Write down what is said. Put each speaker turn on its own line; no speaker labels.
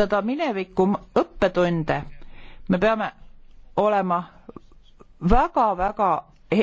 kasutada mineviku õppetunde. me peame olema väga-väga